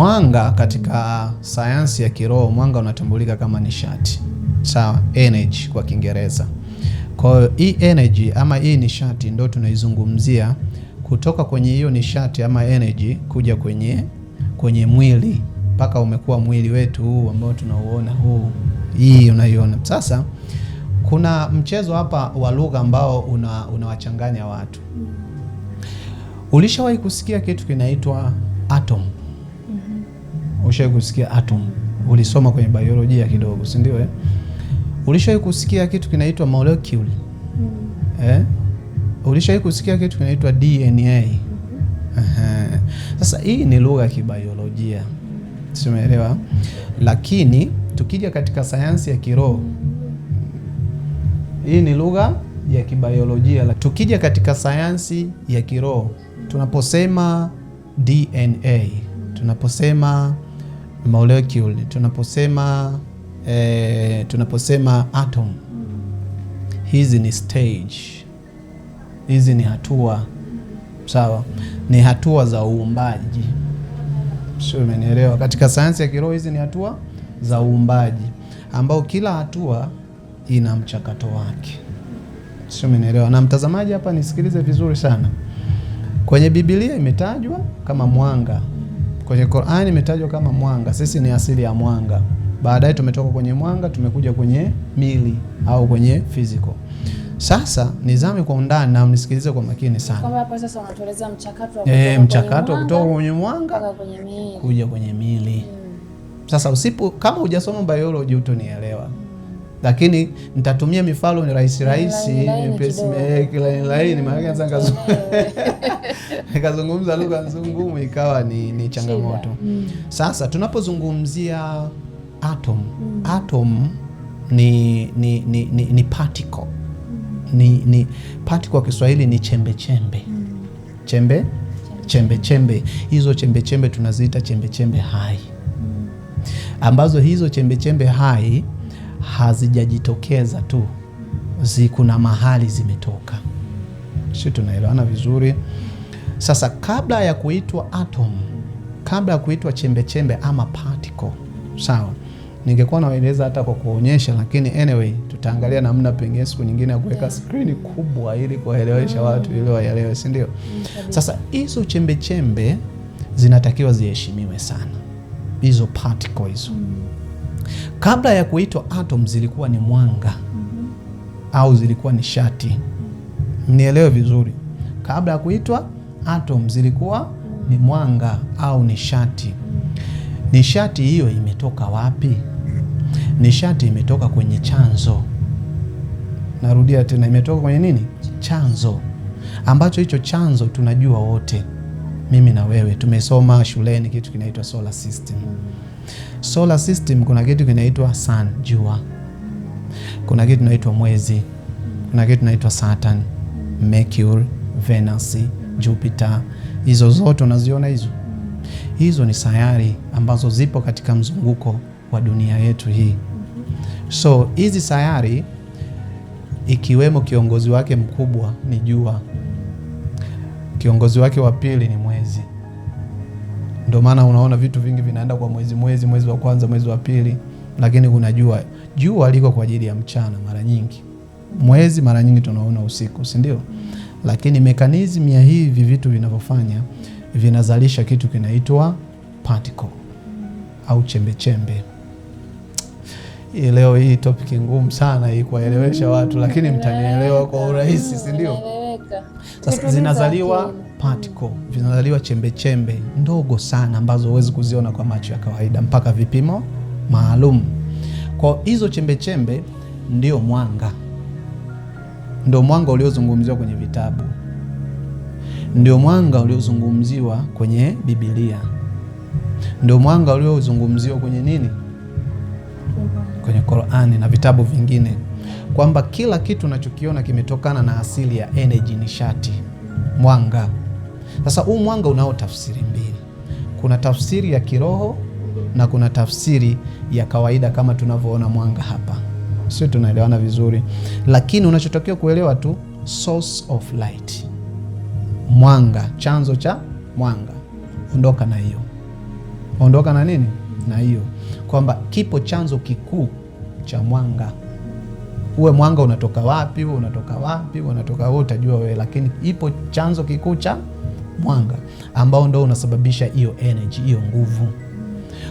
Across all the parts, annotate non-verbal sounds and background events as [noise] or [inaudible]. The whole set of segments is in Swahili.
Mwanga katika sayansi ya kiroho, mwanga unatambulika kama nishati, sawa? Energy kwa Kiingereza. Kwa hiyo hii energy ama hii nishati ndio tunaizungumzia, kutoka kwenye hiyo nishati ama energy kuja kwenye kwenye mwili mpaka umekuwa mwili wetu huu ambao tunauona huu, hii unaiona sasa. Kuna mchezo hapa wa lugha ambao unawachanganya una watu. Ulishawahi kusikia kitu kinaitwa atom? Ushawahi kusikia atom? Ulisoma kwenye biolojia kidogo, si ndio eh? Ulishawahi kusikia kitu kinaitwa molecule? Mm. Eh? Ulishawahi kusikia kitu kinaitwa DNA? Mm -hmm. Sasa hii ni lugha ya kibiolojia. Simeelewa? Lakini tukija katika sayansi ya kiroho hii ni lugha ya kibiolojia. Tukija katika sayansi ya kiroho tunaposema DNA, tunaposema molecule, tunaposema eh, tunaposema atom, hizi ni stage, hizi ni hatua sawa, ni hatua za uumbaji, sio? Umenielewa? Katika sayansi ya kiroho hizi ni hatua za uumbaji, ambao kila hatua ina mchakato wake, sio? Umenielewa? Na mtazamaji, hapa nisikilize vizuri sana, kwenye Biblia imetajwa kama mwanga Kwenye Qur'ani imetajwa kama mwanga. Sisi ni asili ya mwanga, baadaye tumetoka kwenye mwanga tumekuja kwenye mili au kwenye physical. Sasa nizame kwa undani na mnisikilize kwa makini sana. Kwa hapo sasa unatueleza mchakato wa e, mchakato kutoka kwenye mwanga kwenye mili, kuja kwenye mili. Hmm. Sasa usipo kama hujasoma biology utonielewa lakini nitatumia mifano ni rahisi rahisi laini [laughs] nikazungumza lugha ngumu ikawa ni, ni changamoto mm. Sasa tunapozungumzia atom mm. atom ni ni ni, ni, ni particle mm. ni, ni particle kwa Kiswahili ni chembe chembe mm. chembe chembe chembe hizo chembe chembe tunaziita chembe chembe hai mm. ambazo hizo chembe chembe hai hazijajitokeza tu, kuna mahali zimetoka. Si tunaelewana vizuri? Sasa kabla ya kuitwa atom, kabla ya kuitwa chembechembe ama particle, sawa ningekuwa naeleza hata kwa kuonyesha, lakini anyway, tutaangalia namna pengine siku nyingine ya kuweka skrini kubwa ili kuwaelewesha mm. watu ili waelewe, si ndio? Mm. Sasa hizo chembechembe zinatakiwa ziheshimiwe sana, hizo particle hizo. Mm. Kabla ya kuitwa atom zilikuwa ni mwanga mm -hmm. au zilikuwa ni shati. Mnielewe vizuri, kabla ya kuitwa atom zilikuwa ni mwanga au nishati. Nishati hiyo imetoka wapi? Nishati imetoka kwenye chanzo. Narudia tena, imetoka kwenye nini? Chanzo ambacho hicho chanzo tunajua wote, mimi na wewe tumesoma shuleni kitu kinaitwa solar system. Solar system kuna kitu kinaitwa sun, jua, kuna kitu kinaitwa mwezi, kuna kitu kinaitwa Saturn, Mercury, Venus, Jupiter. Hizo zote unaziona hizo, hizo ni sayari ambazo zipo katika mzunguko wa dunia yetu hii. So hizi sayari ikiwemo kiongozi wake mkubwa ni jua, kiongozi wake wa pili ni ndio maana unaona vitu vingi vinaenda kwa mwezi mwezi, mwezi wa kwanza, mwezi wa pili, lakini unajua jua. liko kwa ajili ya mchana mara nyingi, mwezi mara nyingi tunaona usiku, si ndio? Lakini mekanizm ya hivi vitu vinavyofanya vinazalisha kitu kinaitwa particle au chembechembe. Hii leo hii topic ngumu sana hii kuwaelewesha watu, lakini mtanielewa kwa urahisi, si ndio? Sasa zinazaliwa particle zinazaliwa chembechembe ndogo sana ambazo huwezi kuziona kwa macho ya kawaida mpaka vipimo maalum. Kwa hizo chembechembe ndio mwanga, ndio mwanga uliozungumziwa kwenye vitabu, ndio mwanga uliozungumziwa kwenye Biblia, ndio mwanga uliozungumziwa kwenye nini, kwenye Qurani na vitabu vingine, kwamba kila kitu unachokiona kimetokana na asili ya energy, nishati, mwanga. Sasa huu mwanga unao tafsiri mbili, kuna tafsiri ya kiroho na kuna tafsiri ya kawaida kama tunavyoona mwanga hapa, sio? Tunaelewana vizuri, lakini unachotakiwa kuelewa tu source of light, mwanga, chanzo cha mwanga. Ondoka na hiyo, ondoka na nini na hiyo, kwamba kipo chanzo kikuu cha mwanga. Uwe mwanga unatoka wapi, unatoka wapi, unatoka wewe, utajua wewe, lakini ipo chanzo kikuu cha mwanga ambao ndo unasababisha hiyo energy, hiyo nguvu.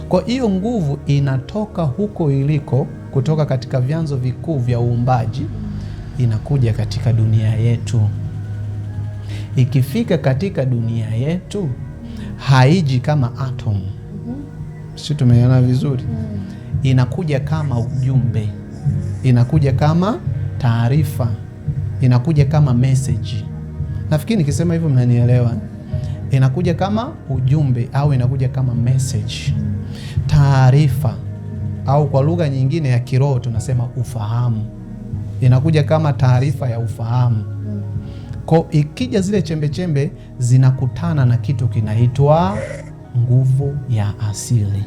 Kwa hiyo nguvu inatoka huko iliko, kutoka katika vyanzo vikuu vya uumbaji, inakuja katika dunia yetu. Ikifika katika dunia yetu haiji kama atom, si tumeona vizuri? Inakuja kama ujumbe, inakuja kama taarifa, inakuja kama meseji. Nafikiri nikisema hivyo mnanielewa inakuja kama ujumbe au inakuja kama message, taarifa au kwa lugha nyingine ya kiroho tunasema ufahamu. Inakuja kama taarifa ya ufahamu. Kwa ikija zile chembechembe chembe, zinakutana na kitu kinaitwa nguvu ya asili.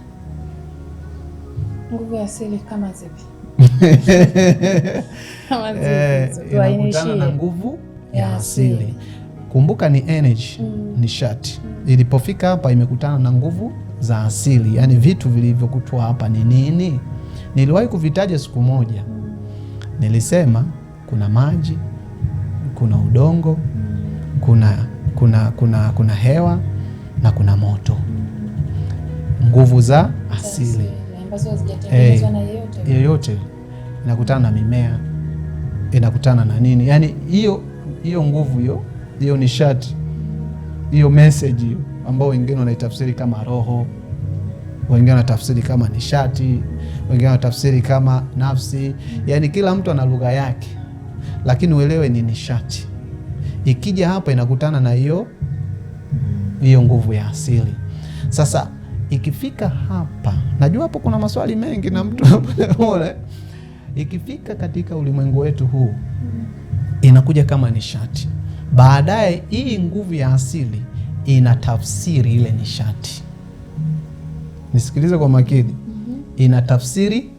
Nguvu ya asili kama zipi? [laughs] kama zipi? Eh, inakutana na nguvu ya asili. Kumbuka ni energy mm. nishati mm. ilipofika hapa imekutana na nguvu za asili, yaani vitu vilivyokutwa hapa ni nini? Niliwahi kuvitaja siku moja, nilisema kuna maji, kuna udongo, kuna, kuna, kuna, kuna hewa na kuna moto, nguvu za asili hey, eh, yoyote inakutana na mimea inakutana na nini, yaani hiyo hiyo nguvu hiyo hiyo nishati, hiyo message hiyo ambao wengine wanaitafsiri kama roho, wengine wanatafsiri kama nishati, wengine wanatafsiri kama nafsi. yani kila mtu ana lugha yake, lakini uelewe ni nishati. Ikija hapa inakutana na hiyo hiyo nguvu ya asili. Sasa ikifika hapa, najua hapo kuna maswali mengi na mtu [laughs] ikifika katika ulimwengu wetu huu inakuja kama nishati. Baadaye hii nguvu ya asili inatafsiri ile nishati. Nisikilize kwa makini, mm-hmm. inatafsiri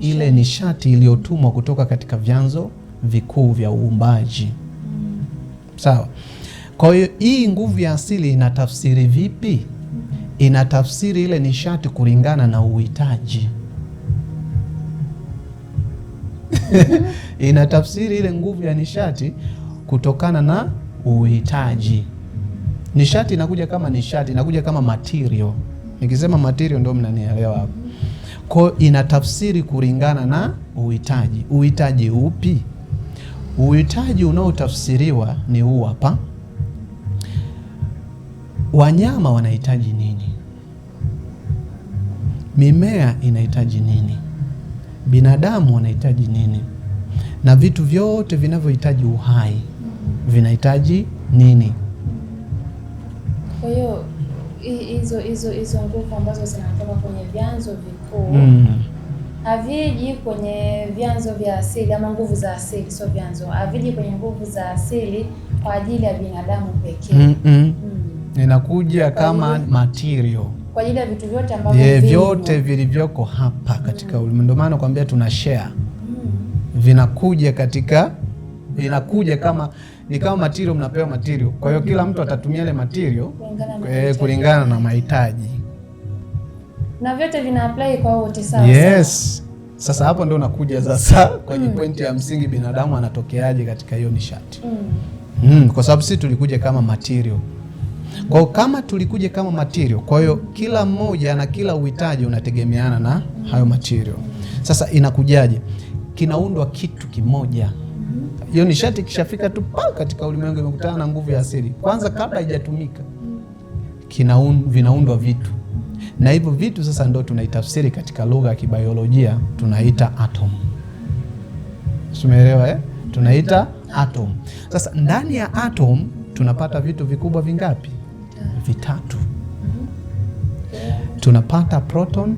ile nishati iliyotumwa kutoka katika vyanzo vikuu vya uumbaji. Mm-hmm. Sawa. Kwa hiyo hii nguvu ya asili inatafsiri vipi? Mm-hmm. Inatafsiri ile nishati kulingana na uhitaji. [laughs] Inatafsiri ile nguvu ya nishati kutokana na uhitaji. Nishati inakuja kama nishati, inakuja kama material. Nikisema material ndio mnanielewa hapo. Kwa ina inatafsiri kulingana na uhitaji. Uhitaji upi? Uhitaji unaotafsiriwa ni huu hapa. Wanyama wanahitaji nini? Mimea inahitaji nini? Binadamu wanahitaji nini? Na vitu vyote vinavyohitaji uhai vinahitaji nini. Kwa hiyo hizo hizo hizo nguvu ambazo zinatoka kwenye vyanzo vikuu mm. haviji kwenye vyanzo vya asili ama nguvu za asili, sio vyanzo, haviji kwenye nguvu za asili kwa ajili ya binadamu pekee mm -mm. mm. inakuja kama material kwa ajili ya vitu vyote ambavyo yeah, vyote vilivyoko hapa katika mm. ulimwengu. Ndio maana nakwambia tuna share mm. vinakuja katika vinakuja kama ni kama material, mnapewa material. Kwa hiyo kila mtu atatumia ile material kulingana na eh, mahitaji na vyote vina apply kwa wote sawa. Yes. Sasa hapo ndio unakuja sasa [laughs] kwenye mm. pointi ya msingi, binadamu anatokeaje katika hiyo nishati mm. Mm, kwa sababu sisi tulikuja kama material. Kwa kama tulikuja kama material, kwa hiyo kila mmoja na kila uhitaji unategemeana na mm. hayo material. Sasa inakujaje? Kinaundwa kitu kimoja hiyo nishati ikishafika tu pa katika ulimwengu imekutana na nguvu ya asili kwanza, kabla haijatumika kinaun, vinaundwa vitu na hivyo vitu sasa ndo tunaitafsiri katika lugha ya kibaiolojia tunaita atom. Sumeelewa eh? Tunaita atom. Sasa ndani ya atom tunapata vitu vikubwa vingapi? Vitatu. Tunapata proton,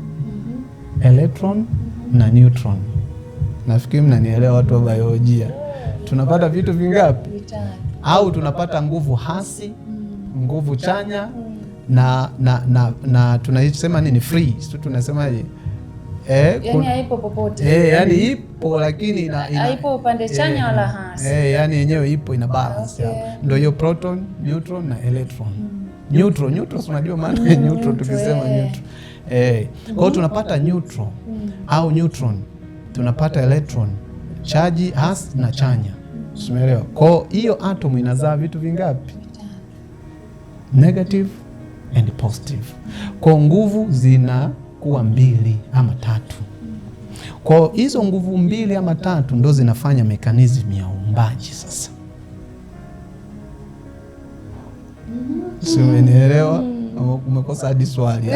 electron na neutron. Nafikiri mnanielewa, watu wa biolojia, tunapata vitu vingapi? Au tunapata nguvu hasi, mm. nguvu chanya mm. na, na, na, na tunasema nini free, si tunasemaje? Eh, yani haipo popote. Eh, yani ipo lakini ina, ina, haipo upande eh, chanya eh, wala hasi. Eh, yani yenyewe ipo ina balance. Okay. Ndio hiyo proton, neutron na electron. Mm. Neutron, neutron unajua maana ya [laughs] neutron tukisema eh. neutron. Eh, kwa hiyo tunapata neutron mm. au neutron tunapata electron chaji hasi na chanya, umeelewa? Kwa hiyo atom inazaa vitu vingapi? Negative and positive. Kwa nguvu zinakuwa mbili ama tatu. Kwa hizo nguvu mbili ama tatu ndo zinafanya mekanizm ya uumbaji sasa. Simenielewa? umekosa hadi swali.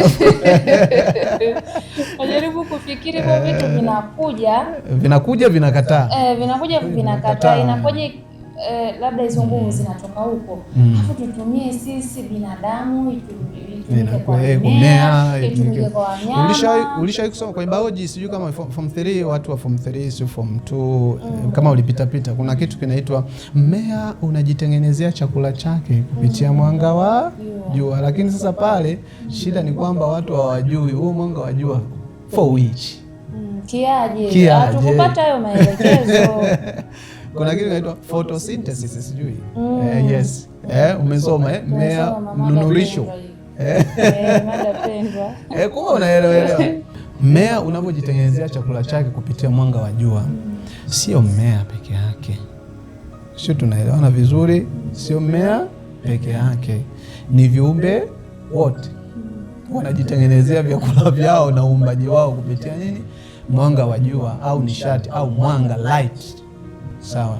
Unajaribu [laughs] kufikiri kwa vitu eh, vinakuja vinakuja vinakataa, eh, vinakuja vinakataa, inakuja eh, labda hizo nguvu zinatoka huko, hmm. afu tutumie sisi binadamu itu, kumea. Ulishawahi kusoma kwenye sijui kama form 3, watu wa form 3 sio form 2, mm. kama ulipitapita, kuna kitu kinaitwa mmea unajitengenezea chakula chake kupitia mm. mwanga wa jua. Lakini sasa pale shida ni kwamba watu hawajui huo mwanga wa jua for which mm, kiaje, hayo maelekezo. [laughs] Kuna kitu kinaitwa photosynthesis sijui. Mm. Eh, yes. Eh, umesoma eh, mmea mnunurisho Eh, kumbe unaelewa. Mmea unavyojitengenezea chakula chake kupitia mwanga wa jua, sio mmea peke yake, sio? Tunaelewana vizuri? Sio mmea peke yake, ni viumbe wote wanajitengenezea vyakula vyao na uumbaji wao kupitia nini? Mwanga wa jua au nishati au mwanga light. Sawa.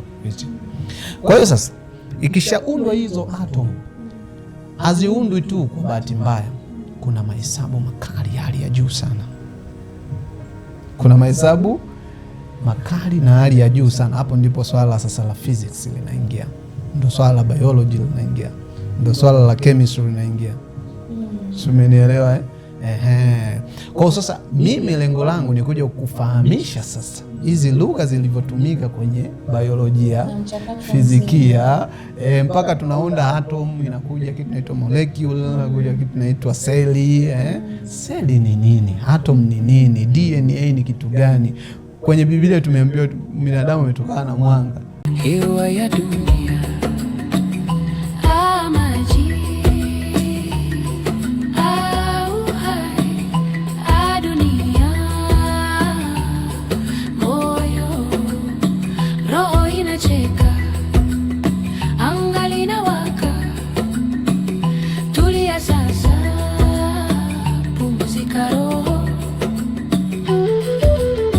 Kwa hiyo sasa, ikishaundwa hizo atom haziundwi tu kwa bahati mbaya, kuna mahesabu makali ya hali ya juu sana, kuna mahesabu makali na hali ya juu sana. Hapo ndipo swala sasa la physics linaingia, ndo swala la biology linaingia, ndo swala la chemistry linaingia, hmm. simenielewa eh? Kwa sasa mimi lengo langu ni kuja kufahamisha sasa hizi lugha zilivyotumika kwenye biolojia, fizikia e, mpaka tunaunda atom, inakuja kitu naitwa molecule, inakuja kitu naitwa seli eh. Seli ni nini? Atom ni nini? DNA ni kitu gani? Kwenye Biblia tumeambiwa binadamu ametokana na mwanga, hewa ya dunia